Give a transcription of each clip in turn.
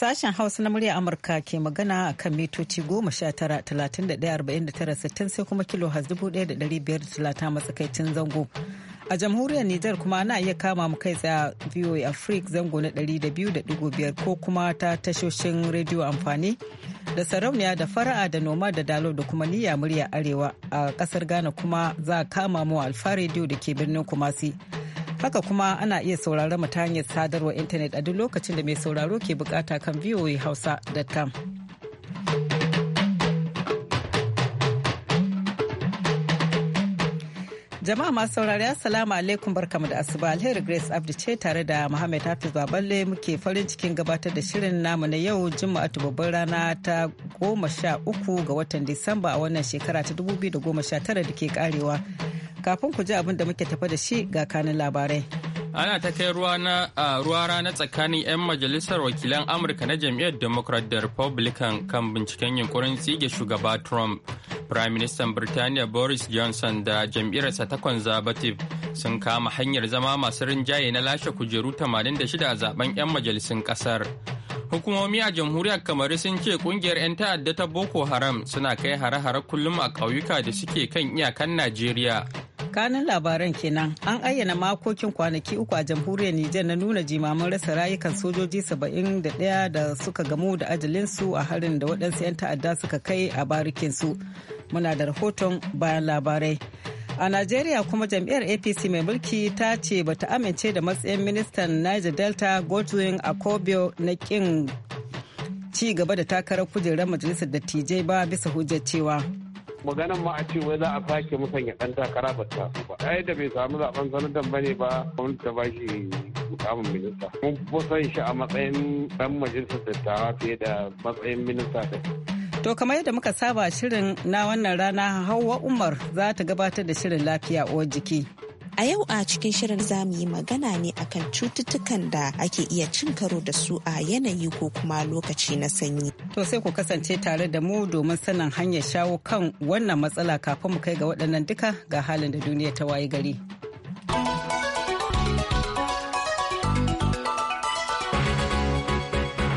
Sashen Hausa na murya Amurka ke magana a kan mitoci 19,31,49,60 sai kuma kilo has 1,530 matsakaicin zango. A jamhuriyar Nijar kuma ana iya kama mu kai tsaye VOA Africa zango na 200.5 ko kuma ta tashoshin rediyo amfani da sarauniya da fara'a da noma da dalo da kuma niyya murya arewa a kasar Ghana kuma za a kama mu alfa rediyo da ke birnin Kumasi. Haka kuma ana iya saurara mu ta hanyar sadarwar intanet a duk lokacin da mai sauraro ke bukata kan hausa.com Jama'a masu saurari Assalamu alaikum barkamu da asuba alheri Grace Abdi ce tare da Muhammad Hafiz Baballe muke farin cikin gabatar da shirin namu na yau juma'a babban rana ta goma sha uku ga watan Disamba a wannan shekara ta 2019 da ke karewa. kafin ku ji abin da muke tafa da shi ga kanin labarai. Ana ta kai ruwa rana tsakanin 'yan majalisar wakilan Amurka na jam'iyyar Democrat da Republican kan binciken yunkurin tsige shugaba Trump. Prime Minister Birtaniya Boris Johnson da jam'iyyarsa ta Conservative sun kama hanyar zama masu rinjaye na lashe kujeru 86 a zaben 'yan majalisun kasar. Hukumomi a jamhuriyar Kamaru sun ce kungiyar 'yan ta'adda ta Boko Haram suna kai hare-hare kullum a kauyuka da suke kan iyakan Najeriya. kanin labaran kenan an ayyana makokin kwanaki uku a jamhuriyar nijar na nuna jimamin rasa rayukan sojoji 71 da suka gamu da ajalinsu a harin da waɗansu 'yan ta'adda suka kai a barikinsu muna da rahoton bayan labarai a najeriya kuma jam'iyyar apc mai mulki ta ce bata amince da matsayin ministan niger delta godwin akobio na kin ci gaba da takarar kujerar majalisar dattijai ba bisa hujjar cewa maganan ma a ce wai za a sake musanya ɗan takara ba ta ba ai da bai samu zaben ba bane ba gwamnati ta bashi mukamin minista mun san shi a matsayin dan majalisar dattawa fiye da matsayin minista da To kamar yadda muka saba shirin na wannan rana Hauwa Umar za ta gabatar da shirin lafiya uwar jiki. A yau a cikin shirin zamu yi magana ne akan cututtukan da ake iya cin karo da su a yanayi ko kuma lokaci na sanyi. To sai ku kasance tare da mu domin sanin hanyar shawo kan wannan matsala kafin mu kai ga waɗannan duka ga halin da duniya ta waye gari.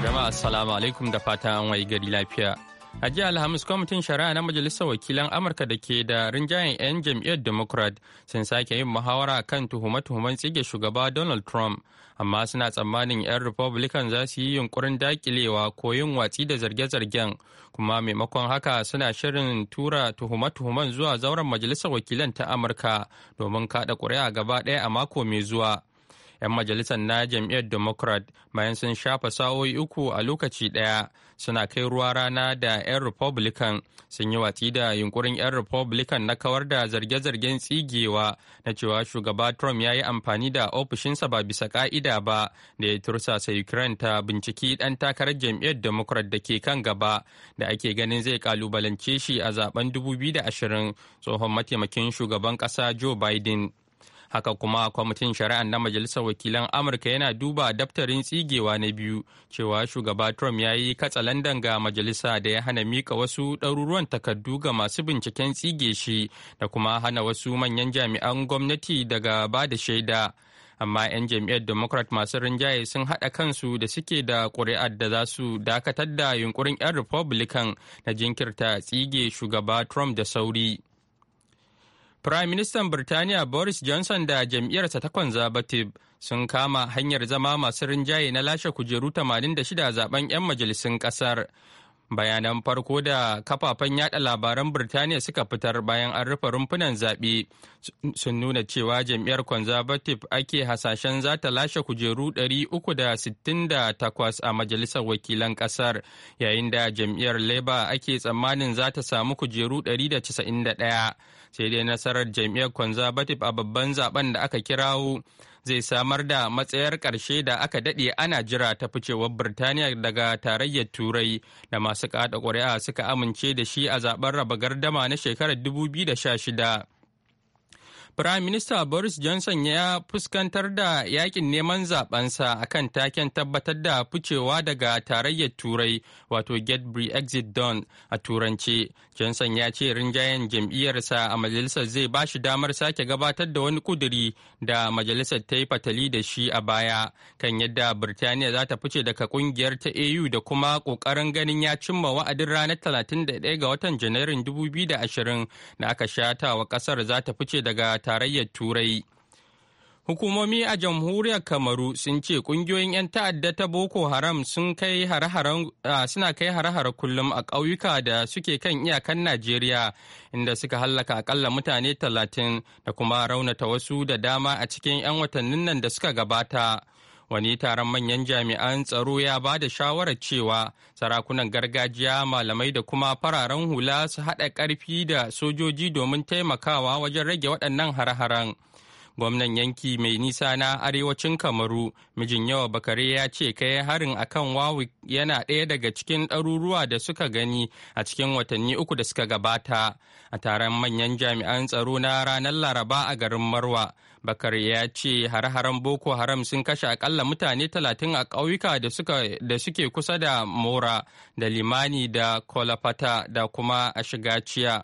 Jama'a assalamu alaikum da fatan waye gari lafiya. a jiya alhamis kwamitin shari'a na majalisar wakilan amurka da ke da rinjayen 'yan jam'iyyar democrat sun sake yin muhawara kan tuhume-tuhumen tsige shugaba donald trump amma suna tsammanin 'yan republican za su yi yunkurin dakilewa ko yin watsi da zarge-zargen kuma maimakon haka suna shirin tura tuhume-tuhumen zuwa zauren majalisar wakilan ta amurka domin kaɗa ƙuri'a gaba ɗaya a mako mai zuwa 'yan majalisar na jam'iyyar democrat bayan sun shafa sa'o'i uku a lokaci ɗaya suna kai ruwa rana da 'yan republican sun yi watsi da yunkurin 'yan republican na kawar da zarge-zargen tsigewa na cewa shugaba trump ya yi amfani da ofishinsa ba bisa ka'ida ba da ya tursasa ukraine ta binciki ɗan takarar jam'iyyar democrat da ke kan gaba da ake ganin zai kalubalance shi a zaben 2020 tsohon mataimakin shugaban ƙasa joe biden haka kuma kwamitin shari'a na majalisar wakilan amurka yana duba daftarin tsigewa na biyu cewa shugaba trump ya yi katsalandan ga majalisa da ya hana mika wasu ɗaruruwan takardu ga masu binciken tsige shi da kuma hana wasu manyan jami'an gwamnati daga ba da shaida amma 'yan jam'iyyar democrat masu rinjaye sun haɗa kansu da suke da ƙuri'ar da za su dakatar da yunkurin 'yan republican na jinkirta tsige shugaba trump da sauri. Prime Minister Birtaniya Boris Johnson da jam'iyyarsa ta Conservative sun kama hanyar zama masu rinjaye na lashe kujeru 86 zaben 'yan majalisun ƙasar. bayanan farko da kafafen yada labaran birtaniya suka fitar bayan an rufe rumfunan zaɓe sun nuna cewa jam'iyyar conservative ake hasashen za ta lashe kujeru 368 a majalisar wakilan ƙasar yayin da jam'iyyar labour ake tsammanin za ta samu kujeru 191 sai dai nasarar jam'iyyar conservative a babban zaben da aka kirawo zai samar da matsayar ƙarshe da aka daɗe ana jira ta ficewar Birtaniya daga tarayyar Turai da masu kaɗa ƙuri'a suka amince da shi a zaben raba gardama na shekarar 2016. Prime Minister Boris Johnson ya fuskantar da yakin neman zabensa kan taken tabbatar da ficewa daga tarayyar Turai wato Get Brexit Done a Turance. Johnson ya ce rinjayen jam'iyyarsa a majalisar zai ba shi damar sake gabatar da wani kuduri da majalisar ta yi fatali da shi a baya kan yadda Birtaniya za ta fice daga kungiyar ta AU da kuma ƙoƙarin ganin ya cimma wa'adin ranar 31 ga watan Janairun 2020 da aka shata wa kasar za ta fice daga tarayyar Turai. Hukumomi a jamhuriyar Kamaru sun ce kungiyoyin 'yan ta'adda ta Boko Haram suna kai hare-hare kullum a ƙauyuka da suke kan iyakan Najeriya inda suka hallaka akalla mutane talatin da kuma raunata wasu da dama a cikin 'yan watannin nan da suka gabata. wani taron manyan jami'an tsaro ya ba da shawarar cewa sarakunan gargajiya malamai da kuma fararen hula su haɗa ƙarfi da sojoji domin taimakawa wajen rage waɗannan har-haren gwamnan yanki mai nisa na arewacin kamaru mijin yawa bakare ya ce kai harin akan wawu yana ɗaya daga cikin ɗaruruwa da suka gani a cikin watanni uku da suka gabata a taron manyan jami'an tsaro na ranar laraba a garin marwa Bakar ya ce har-haren Boko Haram sun kashe akalla mutane talatin a ƙauyuka da suke kusa da Mora da Limani da Kolafata da kuma a Suwai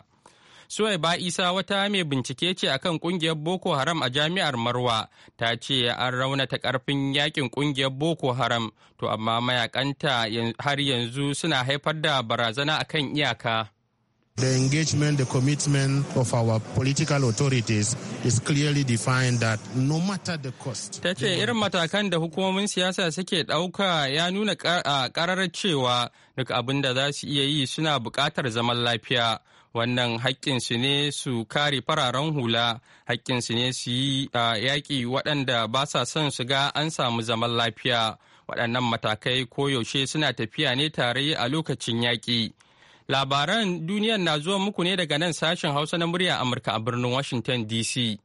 Suwaiba Isa wata mai bincike ce akan ƙungiyar Boko Haram a jami'ar Marwa ta ce an raunata karfin yakin ƙungiyar Boko Haram to amma mayakanta har yanzu suna haifar da barazana akan iyaka. The engagement, the commitment of our political authorities is clearly defined that no matter the cost. Ta ce irin matakan da hukumomin siyasa suke ɗauka ya nuna ƙararar cewa duk abin da za su iya yi suna buƙatar zaman lafiya. Wannan haƙƙinsu ne su kare fararen hula, haƙƙinsu ne su yi yaƙi waɗanda ba sa son su ga an samu zaman lafiya. Waɗannan matakai koyaushe suna tafiya ne tare a lokacin yaƙi. Labaran duniyar na zuwa muku ne daga nan sashen Hausa na murya Amurka a birnin Washington DC.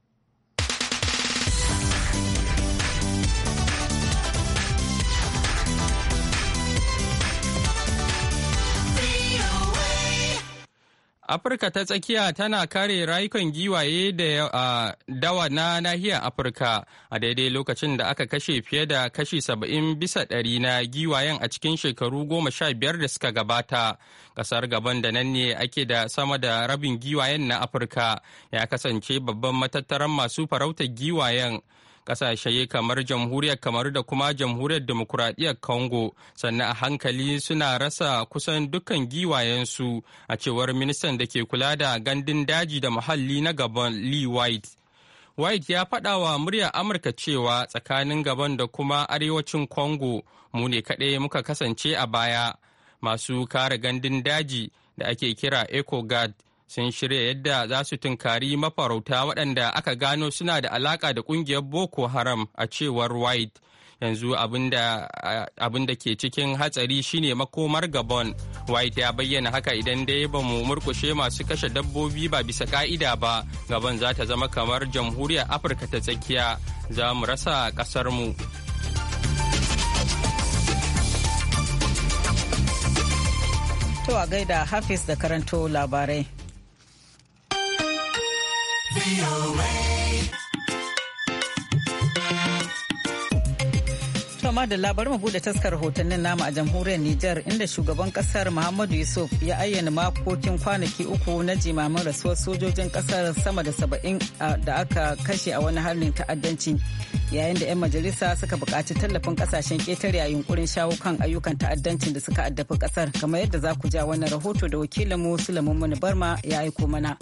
Afirka ta tsakiya tana kare rayukan giwaye da uh, dawa na nahiyar Afirka a daidai lokacin da aka kashe fiye da kashi saba'in bisa ɗari na giwayen a cikin shekaru goma sha biyar da suka gabata. Ƙasar gaban da nan ne ake da sama da rabin giwayen na Afirka ya kasance babban matattaran masu farautar giwayen kasashe kamar jamhuriyar kamaru da kuma jamhuriyar demokuraɗiyyar congo sannan a hankali suna rasa kusan dukkan giwayensu a cewar ministan da ke kula da gandun daji da muhalli na gaban lee white White ya faɗa wa muryar Amurka cewa tsakanin gaban da kuma arewacin Congo mu ne kaɗai muka kasance a baya masu kare gandun daji da ake kira EcoGuard sun shirya yadda za su tunkari mafarauta waɗanda aka gano suna da alaƙa da ƙungiyar boko haram a cewar white yanzu abin da ke cikin hatsari shine makomar gabon white ya bayyana haka idan dai ba mu murkushe masu kashe dabbobi ba bisa ka'ida ba gabon za ta zama kamar jamhuriyar afirka ta tsakiya za mu rasa ƙasarmu. mu To a gaida Hafiz da karanto labarai. toma da labar mu bude taskar hotunan namu a jamhuriyar Nijar inda shugaban kasar Muhammadu Yusuf ya ayyana makokin kwanaki uku na jimamin rasuwar sojojin kasar sama da saba'in da aka kashe a wani harin ta'addanci yayin da 'yan majalisa suka bukaci tallafin kasashen ketare a yunkurin shawo kan ayyukan ta'addancin da suka addafi kasar kamar yadda za ku ja wani rahoto da wakilinmu Sulaiman Muni Barma ya aiko mana.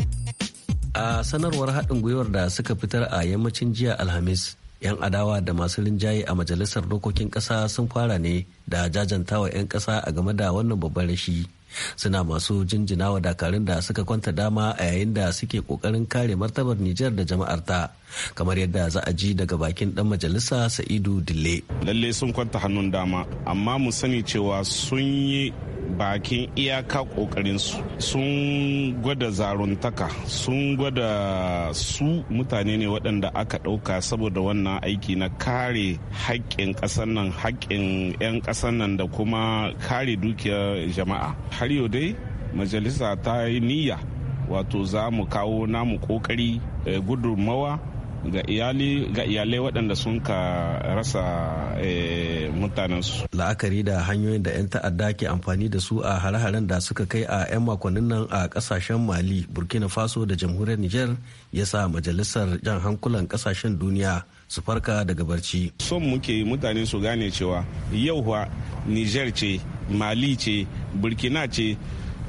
a sanarwar haɗin gwiwar da suka fitar a yammacin jiya alhamis yan adawa da masu rinjaye a majalisar dokokin ƙasa sun fara ne da jajantawa 'yan ƙasa a game da wannan babban rashi suna masu jinjina wa dakarun da suka kwanta dama a yayin da suke kokarin kare martabar Nijar da jama'ar ta kamar yadda za a ji daga bakin dan majalisa Sa'idu Dille. Lalle sun kwanta hannun dama amma mu sani cewa sun yi bakin iyaka su sun gwada zaruntaka sun gwada su mutane ne waɗanda aka ɗauka saboda wannan aiki na kare haƙƙin ƙasar nan haƙƙin 'yan ƙasar nan da kuma kare dukiyar jama'a har yau dai majalisa ta yi niyya wato za mu kawo namu kokari eh, gudunmawa ga iyalai waɗanda sun ka rasa eh, mutanensu. la'akari da hanyoyin da 'yan ta'adda ke amfani da su a hare-haren da suka kai a 'yan makonnin nan a kasashen mali burkina faso da jamhuriyar niger ya sa majalisar jan hankulan kasashen duniya su farka daga barci son muke mutane su gane cewa yau niger ce mali ce burkina ce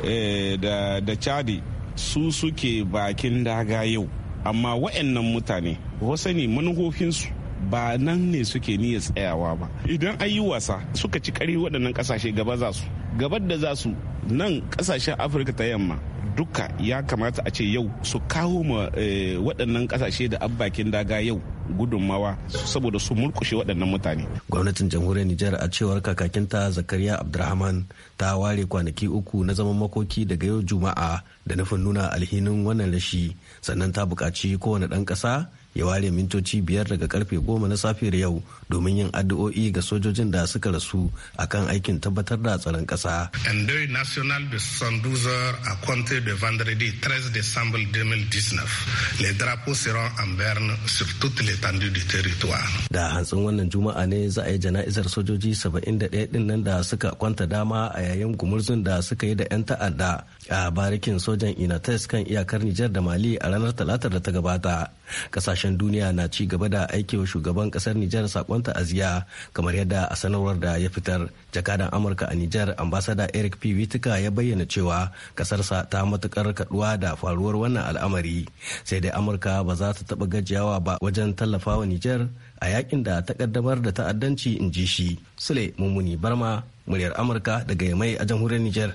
eh, da chadi su suke bakin daga yau amma wa'annan mutane wasani manufofinsu ba nan ne suke niyyar tsayawa ba idan an yi wasa suka ci kari waɗannan ƙasashe gaba za su gabar da za su nan ƙasashen afirka ta yamma duka ya kamata a ce yau su kawo ma eh, waɗannan ƙasashe da abbakin daga yau gudunmawa saboda su mulkushe waɗannan mutane. Gwamnatin jamhuriyar Nijar a cewar kakakinta Zakariya Abdurrahman ta ware kwanaki uku na zaman makoki daga yau Juma'a da nufin nuna alhinin wannan rashi sannan ta bukaci kowane ɗan ƙasa ya ware mintoci biyar daga karfe goma na safiyar yau domin yin addu'o'i ga sojojin da suka rasu akan aikin tabbatar da tsaron ƙasa. Endeuil national de 112 a compter de vendredi 13 décembre 2019. Les drapeaux seront en berne sur toute l'étendue du territoire. Da hantsin wannan juma'a ne za a yi jana'izar sojoji 71 din nan da suka kwanta dama a yayin gumurzun da suka yi da 'yan ta'adda a barikin sojan inates kan iyakar nijar da mali a ranar talatar da ta gabata kasashen duniya na ci gaba da aiki wa shugaban kasar nijar sakon ta'aziyya kamar yadda a sanarwar da ya fitar jakadan amurka a nijar ambasada eric p witika ya bayyana cewa kasarsa ta matukar kaduwa da faruwar wannan al'amari sai dai amurka ba za ta taba gajiyawa ba wajen tallafawa nijar a yakin da ta kaddamar da ta'addanci in ji shi sule mummuni barma muryar amurka daga yamai a jamhuriyar nijar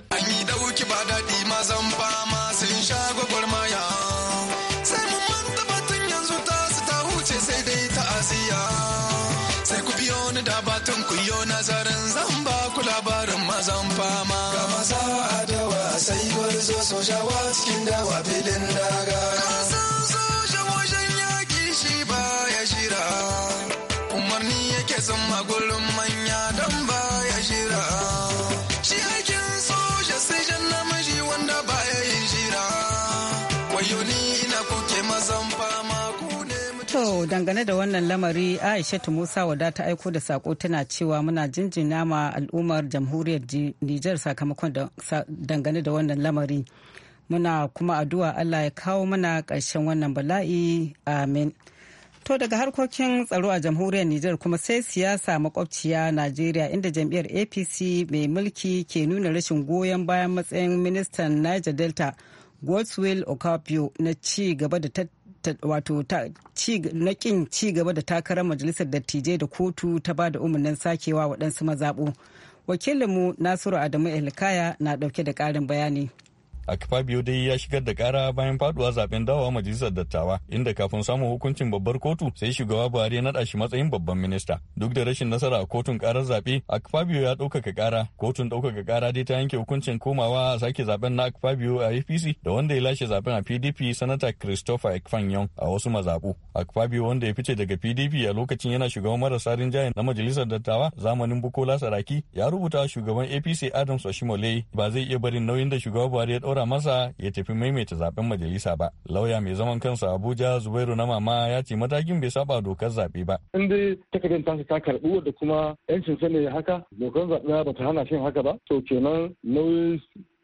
sojawa cikin dawa filin daga kasan soja wajen yaki shi ba ya jira umarni yake son magulun manya don ba ya jira shi aikin soja sai jan namiji wanda ba ya yi jira wayo ni ina kuke mazan fa To dangane da wannan lamari Aishatu Musa wada ta aiko da sako tana cewa muna jinjina ma al'ummar jamhuriyar Nijar sakamakon dangane da wannan lamari. Muna kuma addu'a Allah ya kawo mana ƙarshen wannan bala'i. Amin. To daga harkokin tsaro a jamhuriyar Nijar kuma sai siyasa makwabciya Najeriya inda jam'iyyar APC mai mulki ke nuna rashin goyon bayan matsayin ministan Niger Delta Godswill Okafio na ci gaba da wato na kin ci gaba da takarar majalisar dattijai da kotu ta ba da umarnin sakewa waɗansu mazaɓo, wakilinmu nasiru adamu elkaya na ɗauke da ƙarin bayani Akpabio dai ya shigar da kara bayan faduwa zaben dawowa majalisar dattawa inda kafin samun hukuncin babbar kotu sai shugaba Buhari ya naɗa shi matsayin babban minista. Duk da rashin nasara a kotun karar zaɓe, Akpabio ya ɗaukaka kara. Kotun ɗaukaka kara dai ta yanke hukuncin komawa a sake zaben na Akpabio a APC da wanda ya lashe zaben a PDP sanata Christopher Ekpanyon a wasu akifa Akpabio wanda ya fice daga PDP a lokacin yana shugaban marasa rinjaye na majalisar dattawa zamanin Bukola Saraki ya rubuta shugaban APC Adams Oshimole ba zai iya barin nauyin da shugaba Buhari ya ɗaura ɗora masa ya tafi maimaita zaben majalisa ba. Lauya mai zaman kansa Abuja Zubairu na mama ya ce matakin bai saba dokar zaɓe ba. In dai takardar tasu ta karɓi wadda kuma 'yancin sani haka dokar zaɓe ba ta hana shin haka ba. To kenan nauyin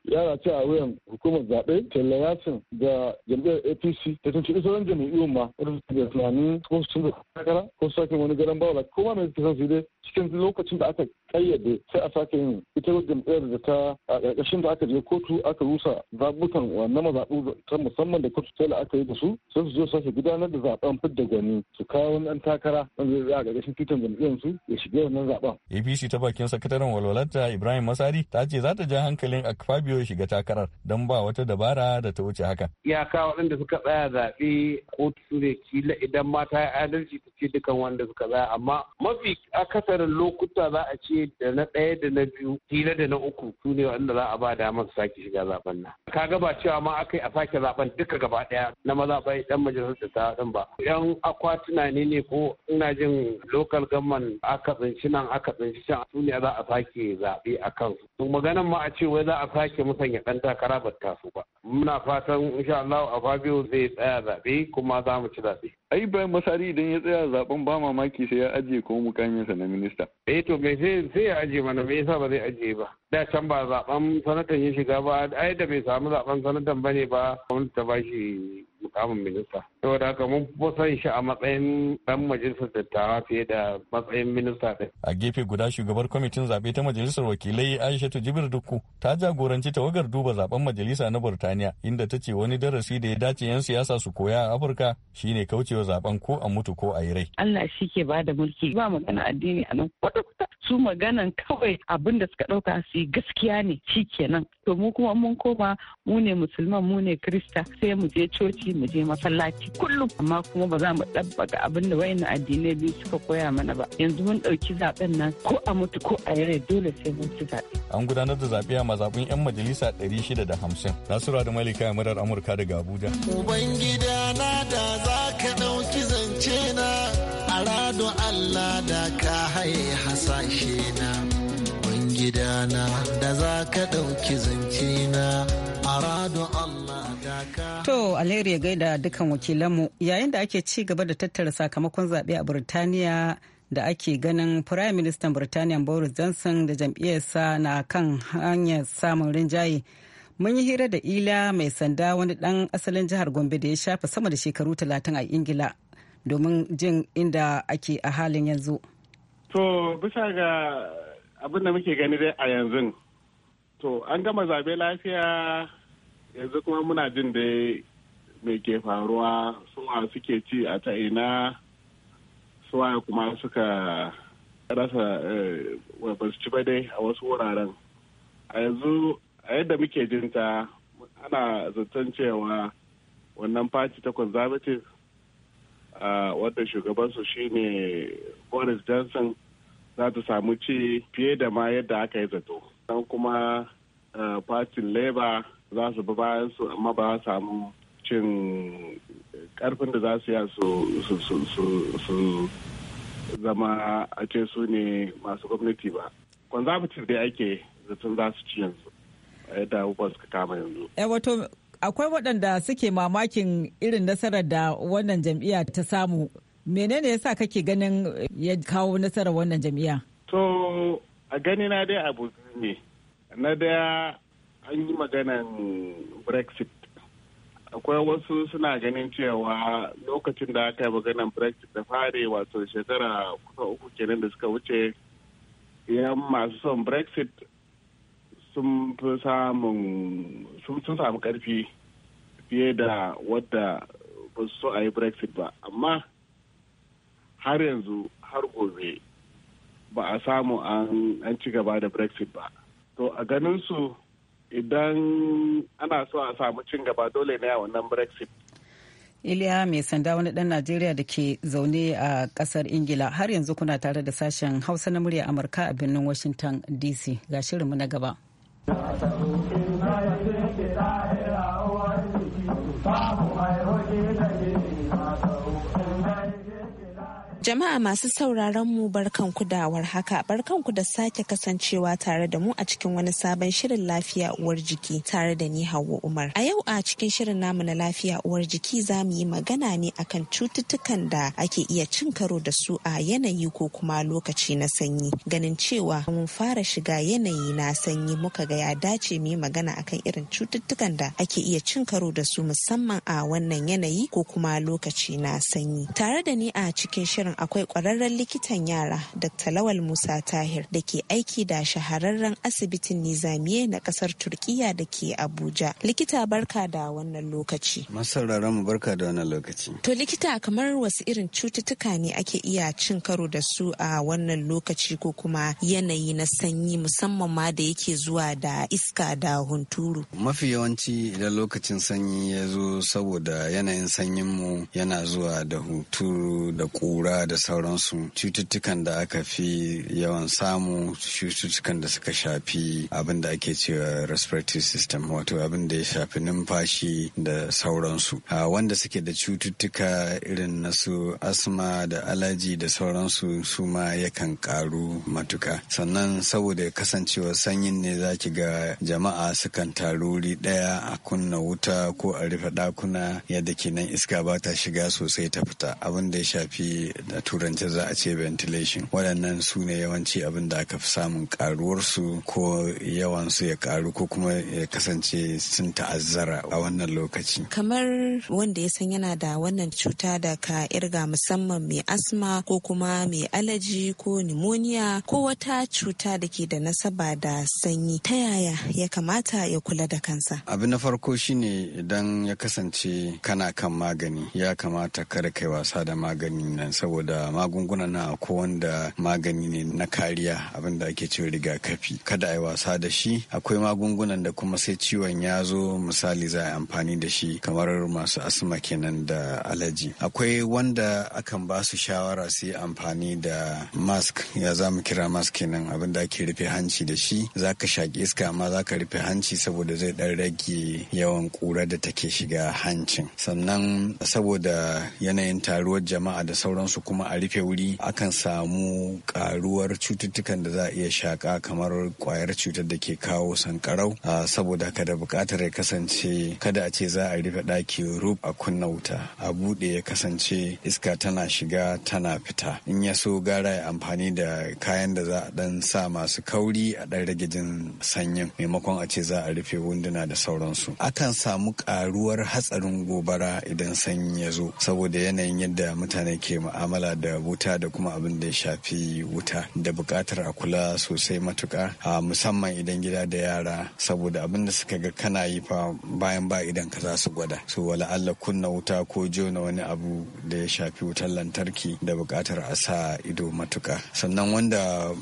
yara ce a wuyan hukumar zaɓe tallayacin da jam'iyyar apc ta tunci ciɗi jam'iyyun ma wadda su da tunanin ko su takara ko su sake wani garan bawala ko ma mai dai cikin lokacin da aka kayyade sai a sake yin ita jam'iyyar da ta a ƙarƙashin da aka je kotu aka rusa zabukan wannan mazaɓu ta musamman da kotu tela aka yi da su sai su zo sake gudanar da zaben fidda gwani su kawo wani ɗan takara wanda zai a ƙarƙashin titan jam'iyyar su ya shige wannan zaben. APC ta bakin sakataren walwalarta Ibrahim Masari ta ce za ta ja hankalin Akfabio shiga takarar don ba wata dabara da ta wuce haka. Iyaka waɗanda suka tsaya zaɓe kotu ne kila idan mata ya adalci ta ce dukan wanda suka tsaya amma mafi akasar irin lokuta za a ce da na ɗaya da na biyu hira da na uku su ne wanda za a ba damar sake shiga zaben nan ka ga ba cewa ma aka a sake zaben duka gaba ɗaya na maza bai dan majalisar da ta ɗin ba yan akwa tunani ne ko ina jin local government aka tsinci nan aka tsinci can su ne za a sake zaɓe a kansu to maganan ma a ce wai za a sake musanya ɗan takara ba ta su ba muna fatan insha Allah a Fabio zai tsaya zaɓe kuma za mu ci zaɓe. ai Ibrahim Masari idan ya tsaya zaben ba mamaki sai ya ajiye ko mukaminsa na minista. Eh to me sai sai ya ajiye mana me yasa ba zai ajiye ba. Da can ba zaben sanatan ya shiga ba ai da bai samu zaben sanatan ne ba gwamnati ta bashi mukamin minista saboda haka mun fi shi a matsayin ɗan majalisar dattawa fiye da matsayin minista din a gefe guda shugabar kwamitin zaɓe ta majalisar wakilai ta jibir dukku ta jagoranci tawagar duba zaben majalisa na burtaniya inda ta ce wani darasi da ya dace yan siyasa su koya a afirka shine kaucewa zaben ko a mutu ko a yi rai allah shi ke ba da mulki ba magana addini a nan kwata-kwata su maganan kawai abin da suka ɗauka su yi gaskiya ne shi kenan to mu kuma mun koma mu ne musulman mu ne krista sai mu je coci mu je masallaci kullum amma kuma ba za mu ɗabbaka abin da wayan addinai biyu suka koya mana ba yanzu mun ɗauki zaben nan ko a mutu ko a yare dole sai mun ci zaɓe. an gudanar da zaɓe a mazaɓin 'yan majalisa ɗari nasiru da malika murar amurka daga abuja. ubangida na da za ka ɗauki zance na a rado allah da ka haye hasashe na. na da za ka ɗauki zance na To alheri ya gaida dukkan wakilanmu yayin da ake ci gaba da tattara sakamakon zaɓe a Burtaniya da ake ganin Prime Minister Burtaniya Boris Johnson da jam'iyyarsa na kan hanyar samun rinjaye. Mun yi hira da Ila mai sanda wani ɗan asalin jihar Gombe da ya shafa sama da shekaru talatin a Ingila domin jin inda ake a halin yanzu. To bisa ga abin da muke gani dai a yanzu. To an gama zabe lafiya yanzu kuma muna jin da me ke faruwa suwa suke ci a ta ina suwa kuma suka rasa eh, ba ci ba dai a wasu wuraren a yanzu a yadda muke jinta ana zaton cewa wannan fati ta conservative wadda shugabansu shine boris johnson za ta samu ci fiye da ma yadda aka yi zato don kuma fatin eh, labour za su bi bayan su amma ba samu cin karfin da za su ya su zama a ce su ne masu gwamnati ba conservative dai ake zaton za su ci yanzu a yadda abubuwa suka kama yanzu eh, wato akwai waɗanda suke mamakin irin nasarar da wannan jam'iyya ta samu menene yasa kake ganin ya kawo nasarar wannan jam'iyya to a gani na dai abu ne na daya an yi maganan brexit akwai wasu suna ganin cewa lokacin da aka yi maganan brexit da fare wato shekara kusa uku kenan da suka wuce yan masu son brexit sun fi samun sun samu karfi fiye da wadda ba su so a yi brexit ba amma har yanzu har gobe ba a samu an ci gaba da brexit ba to a ganin su idan ana so a samu cin gaba dole ne a wannan brexit iliya mai sanda wani dan najeriya da ke zaune a kasar ingila har yanzu kuna tare da sashen hausa na murya amurka a birnin washington dc ga shirinmu na gaba Jama'a masu sauraron mu barkan ku da haka Barkanku ku da sake kasancewa tare da mu a cikin wani sabon shirin lafiya uwar jiki tare da ni Hauwa Umar. A yau a cikin shirin namu na lafiya uwar jiki za mu yi magana ne akan cututtukan da ake iya cin karo da su a yanayi ko kuma lokaci na sanyi. Ganin cewa mun fara shiga yanayi na sanyi muka ga ya dace mu yi magana akan irin cututtukan da ake iya cin karo da su musamman a wannan yanayi ko kuma lokaci na sanyi. Tare da ni a cikin shirin akwai kwararren likitan yara Dr. Lawal Musa Tahir da ke aiki da shahararren asibitin Nizamiye na kasar Turkiya da ke Abuja. Likita barka da wannan lokaci. Masarara mu barka da wannan lokaci. To likita kamar wasu irin cututtuka ne ake iya cin karo da su a wannan lokaci ko kuma yanayi na sanyi musamman ma da yake zuwa da iska da hunturu. Mafi yawanci idan lokacin sanyi ya zo saboda yanayin sanyin mu yana zuwa da hunturu da kura da sauransu cututtukan da aka fi yawan samu cututtukan da suka shafi abin da ake cewa respiratory system wato abin da ya shafi numfashi da sauransu a wanda suke da cututtuka irin na su asma da alaji da sauransu su ma yakan karu matuka sannan saboda kasancewa sanyin ne za ki ga jama'a sukan taruri daya ɗaya a kunna wuta ko a rufe ɗakuna yadda kenan iska ba ta shiga sosai ta fita abin da ya shafi a turance za a ce ventilation waɗannan su ne yawanci abin da aka fi samun karuwarsu ko yawan su ya karu ko kuma ya kasance sun ta'azzara a wannan lokaci kamar wanda ya san yana da wannan cuta da ka irga musamman mai asma ko kuma mai alaji ko pneumonia ko wata cuta da ke da nasaba da sanyi ta yaya ya kamata ya kula da kansa abin na farko shine idan ya kasance kana kan magani ya kamata kada kai wasa da maganin nan saboda saboda magungunan na ko wanda magani ne na kariya abin da ake cewa rigakafi kada a yi wasa da shi akwai magungunan da kuma sai ciwon ya zo misali za a amfani da shi kamar masu asma kenan da alaji akwai wanda akan ba su shawara sai amfani da mask ya za mu kira mask kenan abin da ake rufe hanci da shi za ka shaƙi iska amma za ka rufe hanci saboda zai ɗan rage yawan ƙura da take shiga hancin sannan saboda yanayin taruwar jama'a da sauransu kuma a rufe wuri akan samu karuwar cututtukan da za a iya shaka kamar kwayar cutar da ke kawo sankarau saboda kada da bukatar ya kasance kada a ce za a rufe ɗaki rub a kunna wuta a buɗe ya kasance iska tana shiga tana fita in ya so gara ya amfani da kayan da za a ɗan sa masu kauri a ɗan rage jin sanyin maimakon a ce za a rufe wunduna da sauransu akan samu karuwar hatsarin gobara idan sanyi ya zo saboda yanayin yadda mutane ke mu'amala mu'amala da wuta da kuma abin da ya shafi wuta da buƙatar a kula sosai matuka a musamman idan gida da yara saboda abin da suka ga kana yi fa bayan ba idan ka za su gwada so wala Allah kunna wuta ko jona wani abu da ya shafi wutar lantarki da buƙatar a sa ido matuka sannan wanda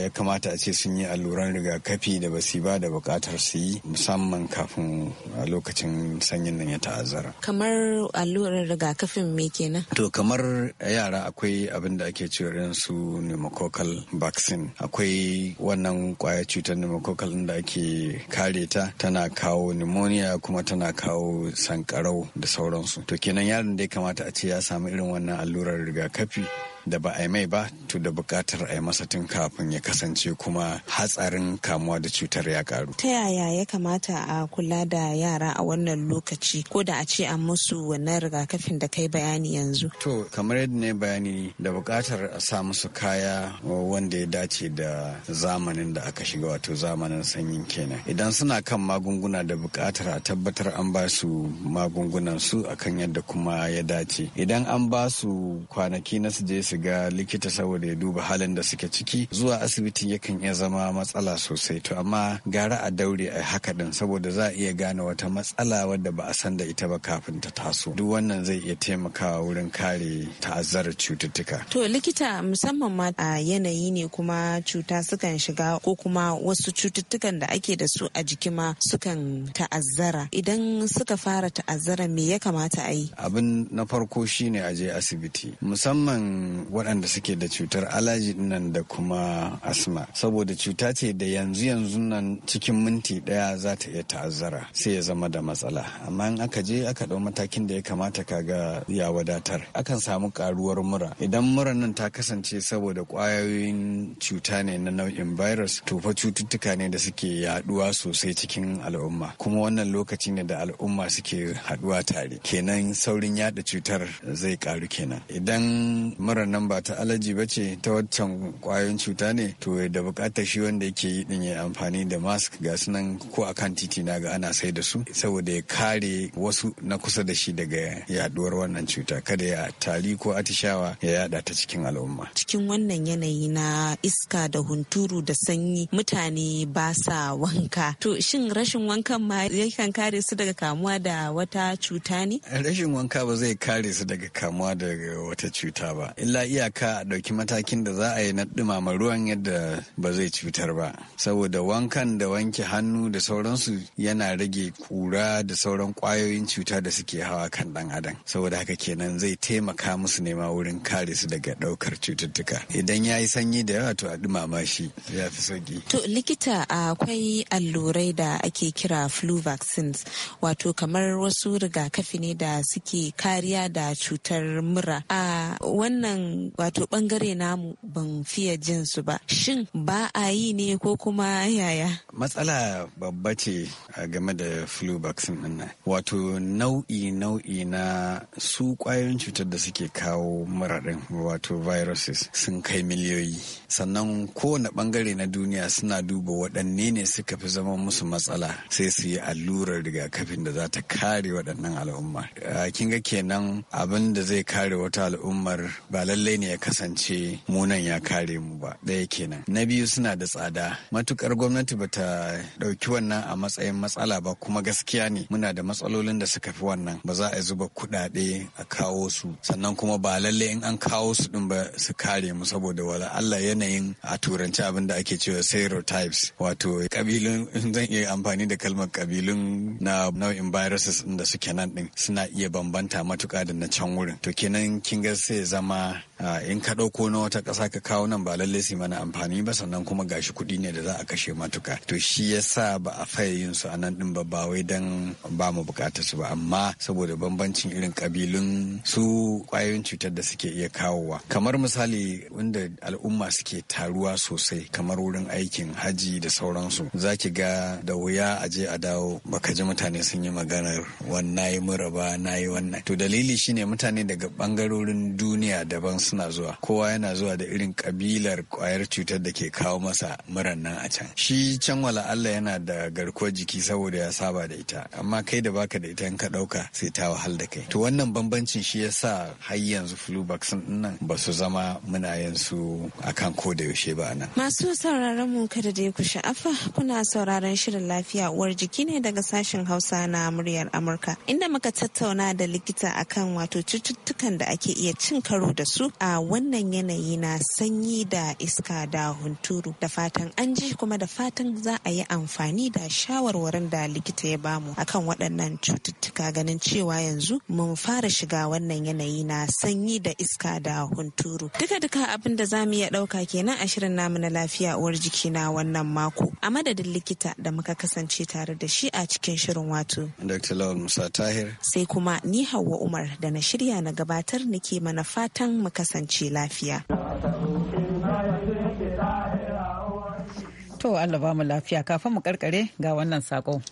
ya kamata a ce sun yi alluran rigakafi da basi ba da buƙatar su yi musamman kafin a lokacin sanyin nan ya ta'azzara kamar allurar rigakafin me kenan to kamar yara yara akwai abin da ake cewa irin su pneumococcal vaccine akwai wannan kwaya cutar pneumococcal da ake kare ta tana kawo pneumonia kuma tana kawo sankarau da sauransu to kenan yaron da ya kamata a ce ya samu irin wannan allurar rigakafi da ba a yi mai ba to da bukatar a yi masa tun kafin ya kasance kuma hatsarin kamuwa da cutar ya karu. Ta yaya ya kamata a kula da yara a wannan lokaci ko da a ce an musu wannan rigakafin da kai bayani yanzu? To kamar yadda na bayani da bukatar a sa musu kaya wanda ya dace da zamanin da aka shiga wato zamanin sanyin kenan. Idan suna kan magunguna da bukatar a tabbatar an ba su magungunan su akan yadda kuma ya dace. Idan an ba su kwanaki na su je su shiga likita saboda ya duba halin da suke ciki zuwa asibitin yakan iya zama matsala sosai to amma gara a daure a haka din saboda za a iya gane wata matsala wadda ba a san da ita ba kafin ta taso duk wannan zai iya taimakawa wurin kare ta'azzara cututtuka to likita musamman ma a yanayi ne kuma cuta sukan shiga ko kuma wasu cututtukan da ake da su a jiki ma sukan ta'azzara idan suka fara ta'azzara me ya kamata a yi abin na farko shine a je asibiti musamman waɗanda suke da cutar alaji nan da kuma asma saboda cuta ce da yanzu yanzu nan cikin minti ɗaya za ta iya ta'azzara sai ya zama da matsala amma in aka je aka ɗau matakin da ya kamata kaga ya wadatar akan samu ƙaruwar mura idan mura nan ta kasance saboda ƙwayoyin cuta ne na nau'in virus to fa cututtuka ne da suke yaɗuwa sosai cikin al'umma kuma wannan lokaci ne da al'umma suke haɗuwa tare kenan saurin yaɗa cutar zai ƙaru kenan idan mura nan ba ta alaji ba ce ta waccan kwayoyin cuta ne to da bukatar shi wanda yake yi din ya amfani da mask ga sunan ko akan titi na ga ana sai da su saboda ya kare wasu na kusa da shi daga yaduwar wannan cuta kada ya tari ko atishawa ya yada ta cikin al'umma cikin wannan yanayi na iska da hunturu da sanyi mutane ba sa wanka to shin rashin wankan ma yakan kare su daga kamuwa da wata cuta ne rashin wanka ba zai kare su daga kamuwa daga wata cuta ba illa iyaka a ɗauki matakin da za a yi na ɗumama ruwan yadda ba zai cutar ba saboda wankan da wanke hannu da sauransu yana rage kura da sauran ƙwayoyin cuta da suke hawa kan ɗan adam saboda haka kenan zai taimaka musu nema wurin kare su daga ɗaukar cututtuka idan ya yi sanyi da yawa to a ɗumama shi ya fi sauki. to likita akwai allurai da ake kira flu vaccines wato kamar wasu rigakafi ne da suke kariya da cutar mura a wannan wato bangare namu ban fiye jin su ba shin ba a yi ne ko kuma yaya matsala babba ce a game da flu vaccine din nan wato nau'i nau'i na su kwayoyin cutar da suke kawo murarin wato viruses sun kai miliyoyi sannan kowane bangare na duniya suna duba waɗanne ne suka fi zama musu matsala sai su yi allurar rigakafin da za ta kare waɗannan al'umma Kinga kenan abin da zai kare wata al'ummar ba lallai ne ya kasance munan ya kare mu ba ɗaya kenan na biyu suna da tsada matukar gwamnati bata ɗauki wannan a matsayin matsala ba kuma gaskiya ne muna da matsalolin da suka fi wannan ba za a zuba kuɗaɗe a kawo su sannan kuma ba lallai in an kawo su din ba su kare mu saboda wala Allah yanayin a turanci abin da ake cewa stereotypes wato kabilun zan iya amfani da kalmar kabilun na nau'in viruses da suke nan din suna iya bambanta matuƙa da na can wurin to kenan kin ga sai zama Ah, in ka ɗauko na wata ƙasa ka kawo nan ba lallai su mana amfani ba sannan kuma gashi kuɗi ne da za a kashe matuka to shi ya sa ba a faye yin su a nan ɗin ba ba wai dan ba mu buƙatar su ba amma saboda bambancin irin ƙabilun su ƙwayoyin cutar da suke iya kawowa kamar misali wanda al'umma suke taruwa sosai kamar wurin aikin hajji da sauransu za ki ga da wuya a je a dawo baka ji mutane sun yi maganar wannan yi mura ba na yi wannan to dalili shine mutane daga bangarorin duniya daban suna zuwa kowa yana zuwa da irin kabilar kwayar cutar da ke kawo masa muran nan a can shi can wala Allah yana da garkuwar jiki saboda ya saba da ita amma kai da baka da ita in ka dauka sai ta wahal da kai to wannan bambancin shi yasa har yanzu flu vaccine din nan ba su zama muna yin su akan ko da yaushe ba nan masu sauraron mu kada da ku sha'afa kuna sauraron shirin lafiya uwar jiki ne daga sashen Hausa na muryar Amurka inda muka tattauna da likita akan wato cututtukan da ake iya cin karo da su a wannan yanayi na sanyi da iska da hunturu da fatan an ji kuma da fatan za a yi amfani da shawarwarin da likita ya bamu akan waɗannan cututtuka ganin cewa yanzu mun fara shiga wannan yanayi na sanyi da iska da hunturu duka duka abin da za mu iya ɗauka kenan a shirin namu na lafiya uwar jiki na wannan mako a madadin likita da muka kasance tare da shi a cikin shirin wato sai kuma ni Hauwa Umar da na shirya na gabatar nake mana fatan muka kasance lafiya. To Allah ba mu lafiya kafin mu karkare ga wannan sako.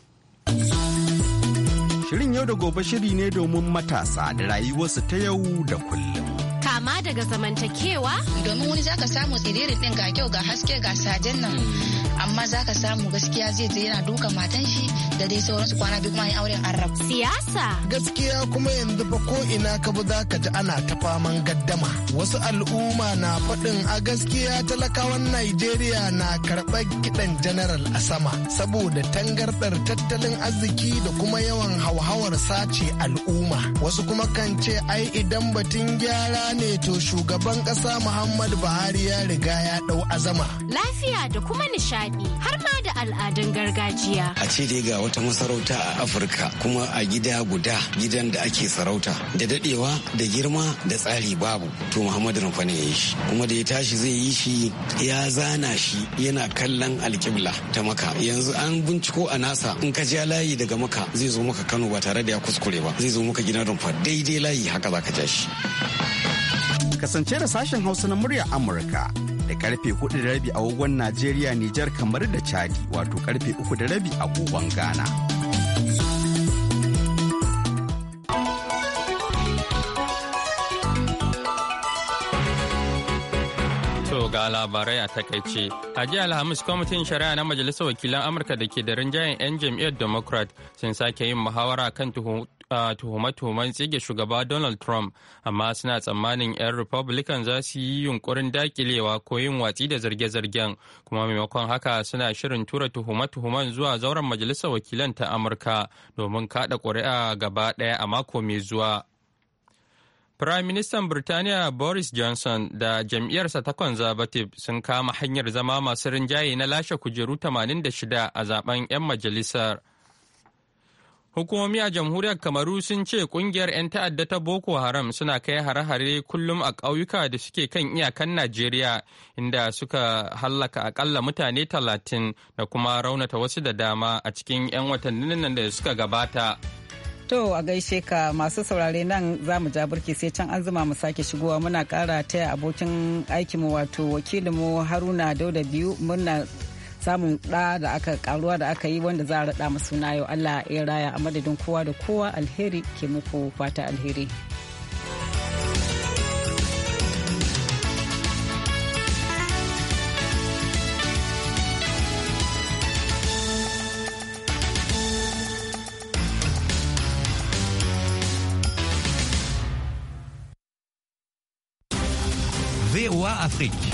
Shirin yau da gobe shiri ne domin matasa da rayuwarsu ta yau da kullum. kama daga zamantakewa domin wani zaka samu tsiriri ɗin ga kyau ga haske ga sajen nan amma zaka samu gaskiya zai je yana duka matan shi da dai sauransu kwana biyu kuma auren arab. siyasa gaskiya kuma yanzu fa ko ina ka bi zaka ji ana ta faman gaddama wasu al'umma na faɗin a gaskiya talakawan Najeriya na karɓar kiɗan general a sama saboda tangardar tattalin arziki da kuma yawan hauhawar sace al'umma wasu kuma kan ce ai idan batun gyara ne ne to shugaban kasa Muhammadu Buhari ya riga ya ɗau azama. Lafiya da kuma nishaɗi har ma da al'adun gargajiya. A ce dai ga wata masarauta a Afirka kuma a gida guda gidan da ake sarauta da daɗewa da girma da tsari babu to Muhammadu Rumfa ne ya yi shi kuma da ya tashi zai yi shi ya zana shi yana kallon alkibla ta maka yanzu an binciko a nasa in ka ja layi daga maka zai zo maka kano ba tare da ya kuskure ba zai zo maka gidan rumfa daidai layi haka za ka ja shi. kasance da sashen hausa na murya amurka da karfe hudu da rabi agogon najeriya nijar kamar da chadi wato karfe uku da rabi agogon ghana ga labarai a takaice a jiya alhamis kwamitin shari'a na majalisar wakilan amurka da ke da rinjayen 'yan jam'iyyar democrat sun sake yin muhawara kan masa tuhume-tuhumen tsige shugaba Donald Trump, amma suna tsammanin 'yan Republican za su yi yunkurin dakilewa ko yin watsi da zarge-zargen, kuma maimakon haka suna shirin tura tuhume-tuhumen zuwa zauren Majalisar Wakilan ta Amurka domin kaɗa ƙuri'a gaba ɗaya a mako mai zuwa. Firaministan Birtaniya Boris Johnson da jam'iyyarsa ta Conservative sun kama hanyar zama masu rinjaye na lashe kujeru 86 a zaben 'yan majalisar. Hukumomi a jamhuriyar Kamaru sun ce kungiyar 'yan ta'adda ta Boko Haram suna kai hare-hare kullum a ƙauyuka da suke kan iyakan Najeriya inda suka hallaka akalla mutane talatin da kuma raunata wasu da dama a cikin 'yan watannin nan da suka gabata. To a gaishe ka masu saurare nan za mu ja burki sai can an zuma mu sake shigowa muna kara taya abokin aikinmu wato wakilinmu Haruna Dauda biyu muna samun ɗa da aka karuwa da aka yi wanda za a raɗa masu na yau Allah ya raya a madadin kowa da kowa alheri ke muku fata alheri. VOA Afrique.